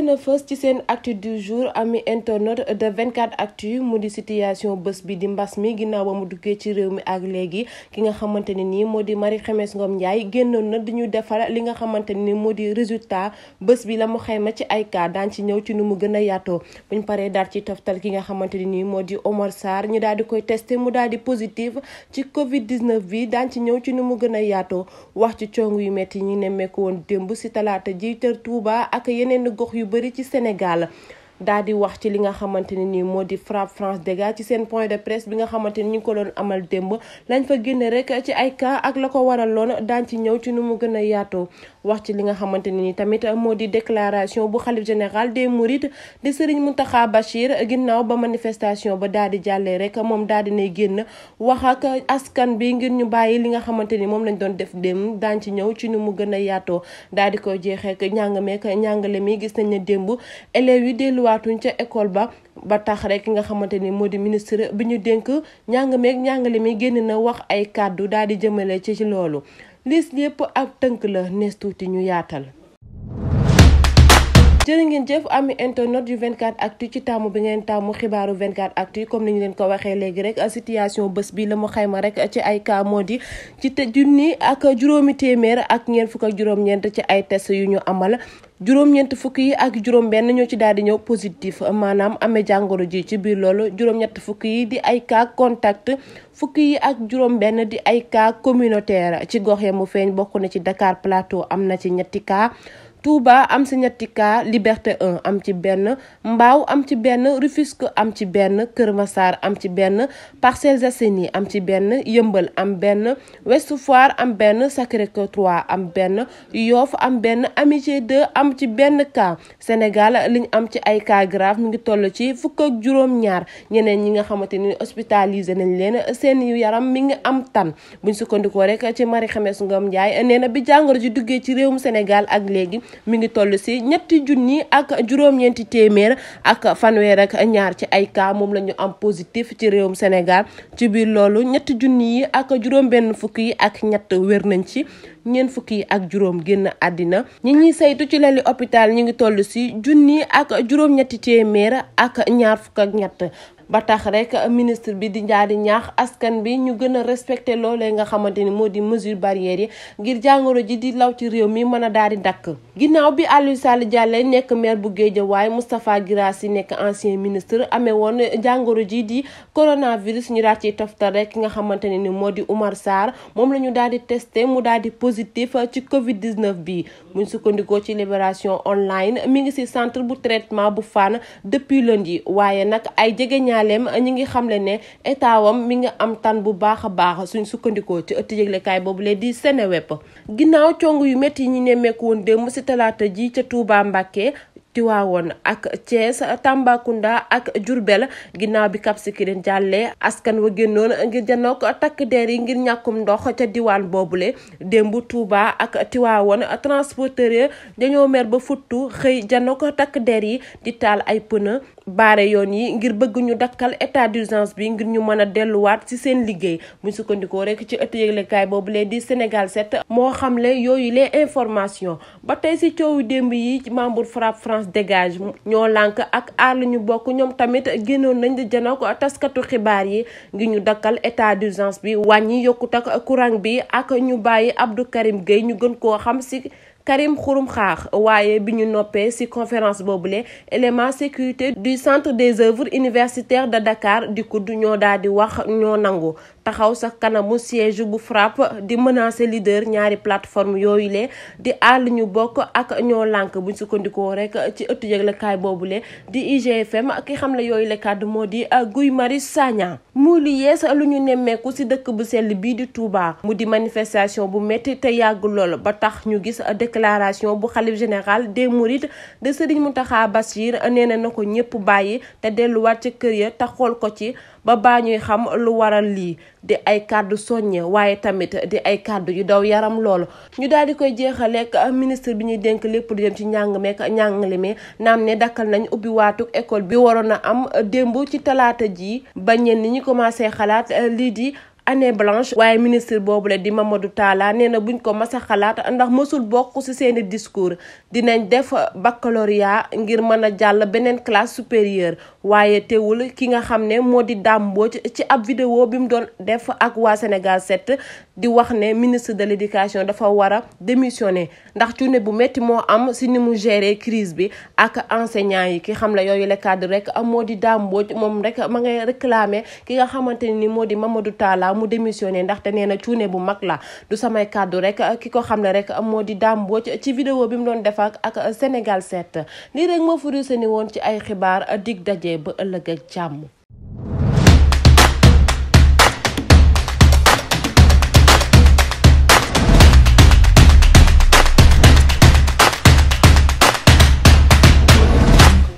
gën a fës ci seen actu du jour ami internet de 24 actu mu di situation bés bi di mbas mi ginnaaw ba mu duggee ci réew mi ak léegi ki nga xamante ne nii moo di Marie Khemesse Ngom Ndiaye génnoon na di ñu defal li nga xamante ne nii moo di résultat bés bi la mu ma ci ay cas daan ci ñëw ci nu mu gën a yaatoo buñ paree daal ci toftal ki nga xamante ne nii moo di Omar Sarr ñu daal di koy testé mu daal di positif ci Covid 19 bi daan ci ñëw ci nu mu gën a yaatoo wax ci cong yu métti ñi nemmeeku woon démb si talaata ji bëri ci Sénégal daal di wax ci li nga xamante ne nii moo di FRAPP France Dégage ci seen point de presse bi nga xamante ni ñu ko doon amal démb lañ fa génne rek ci ay cas ak la ko waral loon daan ci ñëw ci nu mu gën a yaatoo wax ci li nga xamante ne ni tamit moo di déclaration bu xalif général des mourides di Serigne Mountakha Bachir ginnaaw ba manifestation ba daal di jàllee rek moom daal di nay génn wax askan bi ngir ñu bàyyi li nga xamante ni moom lañ doon def démb daan ci ñëw ci nu mu gën a yaatoo daal di ko jeexee ñàng meek ñàngale mii gis nañ ne démb élèves yi delluwaat delluwaatuñ ca école ba ba tax rek ki nga xamante ni moo di ministre bi ñu dénk njàng meeg njàngale mi génn na wax ay kàddu daal di jëmale ci ci loolu lis lépp ab tënk la nees tuuti ñu yaatal jërë ngeen jëf ami internet yu 24 actu ci taamu bi ngeen taamu xibaaru 24 actu comme ni ñu leen ko waxee léegi rek situation bés bii la mu xayma rek ci ay cas moo di ci te junni ak juróomi téeméer ak ngeen fukk ak juróom ci ay test yu ñu amal juróom-ñeent fukk yi ak juróom benn ñoo ci daal di ñëw positif maanaam amee jàngoro ji ci biir loolu juróom-ñett fukk yi di ay cas contact fukk yi ak juróom benn di ay kaa communautaire ci gox ya mu feeñ bokk na ci Dakar Plateau am na ci ñetti kaa Touba am si ñetti cas Liberté un am ci benn mbaaw am ci benn Rufisque am ci benn Kër masaar am ci benn Parcelles Assainies am ci benn Yëmbal am benn Ouest Foire am benn Sacré-Cœur 3 am benn Yoff am benn Amitié de am ci benn cas Sénégal liñ am ci ay cas grave mu ngi toll ci fukk ak juróom-ñaar ñeneen ñi nga xamante ni hospitalisé nañ leen seen yaram mi ngi am tan buñ sukkandikoo rek ci Marie Khemesse Ngom Ndiaye nee na bi jàngoro ji duggee ci réewum Sénégal ak léegi. mi ngi toll si ñett junni ak juróom-ñeenti téeméer ak fanweer ak ñaar ci ay kaamum moom la ñu am positif ci réewum Sénégal ci biir loolu ñetti junni yi ak juróom-benn fukk yi ak ñett wér nañ ci ñeent fukki ak juróom génn àddina ñi ñuy saytu ci lali hôpital ñu ngi toll si junni ak juróom-ñetti téeméer ak ñaar fukk ak ñett ba tax rek ministre bi di njaari ñaax askan bi ñu gën a respecté loolee nga xamante ni moo di mesure barrière yi ngir jàngoro ji di law ci réew mi mën a daal di dakk ginnaaw bi Aliou Sall Diallo nekk maire bu Guédiawaye Moustapha Guirassy nekk ancien ministre amee woon jàngoro ji di coronavirus ñu daal ciy toftal rek nga xamante ne ni moo di Oumar moom la ñu daal di testé mu daal di positif positif ci Covid 19 bi buñ sukkandikoo ci libération online mi ngi ci centre bu traitement bu Fann depuis lundi waaye nag ay jege jegeñaaleem ñu ngi xamle ne état wam mi ngi am tan bu baax a baax suñ sukkandikoo ci ëtt yëglekaay boobu lee di Seneweb ginnaaw cong yu métti yi ñu nemmeeku woon démb ci talaata ji ca Touba Mbacké Tiwaawoon ak cees Tambacounda ak jurbel ginnaaw bi Cap Skirring jàllee askan wa génnoon ngir janook takk der yi ngir ñàkkum ndox ca diwaan boobule démb Touba ak Tiwaawoon transporteur dañoo mer ba futtu xëy janook takk der yi di taal ay pneu baare yoon yi ngir bëgguñu dakkal état d'urgence bi ngir ñu mën a delluwaat ci seen liggéey buñ sukkandikoo rek ci ëtt yëglekaay boobu lee di Sénégal set moo xamle yooyu les information ba tey ci coowu démb yi membre FRAPP France dégage ñoo lank ak aar ñu bokk ñoom tamit génnoon nañ di janoo ko taskatu xibaar yi ngir ñu dakkal état d'urgence bi wàññi yokkut ak courant bi ak ñu bàyyi Abdou Karim Gueye ñu gën koo xam ci Karim Xurum Xaax waaye bi ñu noppee ci conférence boobule élément sécurité du centre des œuvres universitaires de Dakar di kudd ñoo daal di wax ñoo nangu taxaw sa kanamu siège bu FRAPP di menacer leader ñaari plateforme yooyu le di àll ñu bokk ak ñoo lànk bu sukkandikoo rek ci ëttu yëglekaay boobule di IGFM ki xam la yooyu le kàddu moo di euh, Guy mari Sagna muy li yees lu ñu nemmeeku si dëkk bu sell bii di Touba mu di manifestation bu métti te yàgg lool ba tax ñu gis déclaration bu xalif général des mourides de Serigne taxaa Bassir nee na na ko ñëpp bàyyi te delluwaat ci kër ya te xool ko ci ba baa ñuy xam lu waral lii di ay kàddu soññe waaye tamit di ay kàddu yu daw yaram loolu ñu daal di koy jeexaleek ministre bi ñuy dénk lépp di jëm ci njàng meek njàngale mi naam ne dakkal nañu ubbi waatuk école bi waroon a am démb ci talaata ji ba ñenn ñi commencé xalaat lii di année blanche waaye ministre boobule di Mamadou Talla nee na buñ ko mas a xalaat ndax mësul bokk ci seeni discours dinañ def baccalauréat ngir mën a jàll beneen classe supérieure waaye teewul ki nga xam ne moo di Dame Mbodj ci ab vidéo bi mu doon def ak waa Sénégal set di wax ne ministre de l'éducation dafa war a démissionner ndax cune bu métti moo am ci ni mu gérer crise bi ak enseignants yi ki xam la yooyu le cadre rek moo di Dame Mbodj moom rek ma ki nga xamante ni moo di Mamadou Talla mu démissionné ndaxte nee na cuune bu mag la du samay kàddu rek ki ko xam ne rek moo di Dame Mbodj ci vidéo bi mu doon def ak ak Sénégal 7 lii rek moo furi seni woon ci ay xibaar a dig daje ba ëllëg ak jàmm